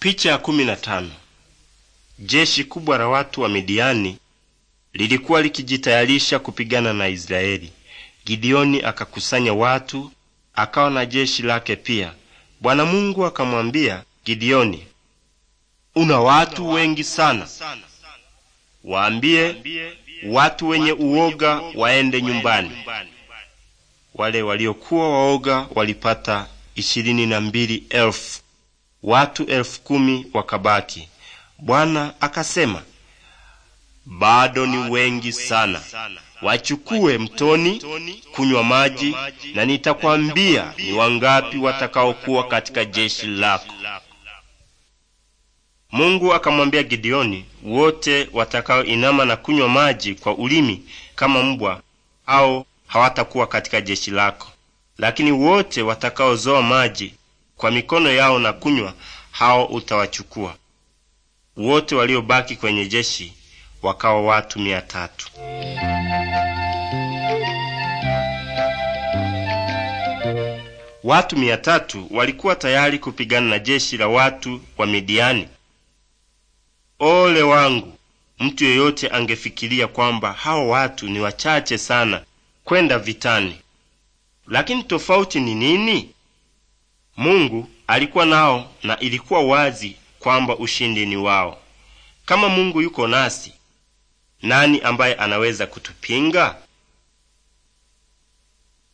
Picha ya kumi na tano. Jeshi kubwa la watu wa Midiani lilikuwa likijitayarisha kupigana na Israeli. Gideoni akakusanya watu, akawa na jeshi lake pia. Bwana Mungu akamwambia Gideoni, una watu wengi sana. Waambie watu wenye uoga waende nyumbani. Wale waliokuwa waoga walipata ishirini na mbili elfu watu elfu kumi wakabaki. Bwana akasema, bado ni wengi sana, wachukue mtoni kunywa maji, na nitakwambia ni wangapi watakaokuwa katika jeshi lako. Mungu akamwambia Gideoni, wote watakaoinama na kunywa maji kwa ulimi kama mbwa, hao hawatakuwa katika jeshi lako, lakini wote watakaozoa maji kwa mikono yao na kunywa, hao utawachukua wote. Waliobaki kwenye jeshi wakawa watu mia tatu. Watu mia tatu walikuwa tayari kupigana na jeshi la watu wa Midiani. Ole wangu! Mtu yeyote angefikiria kwamba hao watu ni wachache sana kwenda vitani. Lakini tofauti ni nini? Mungu alikuwa nao na ilikuwa wazi kwamba ushindi ni wao. Kama Mungu yuko nasi, nani ambaye anaweza kutupinga?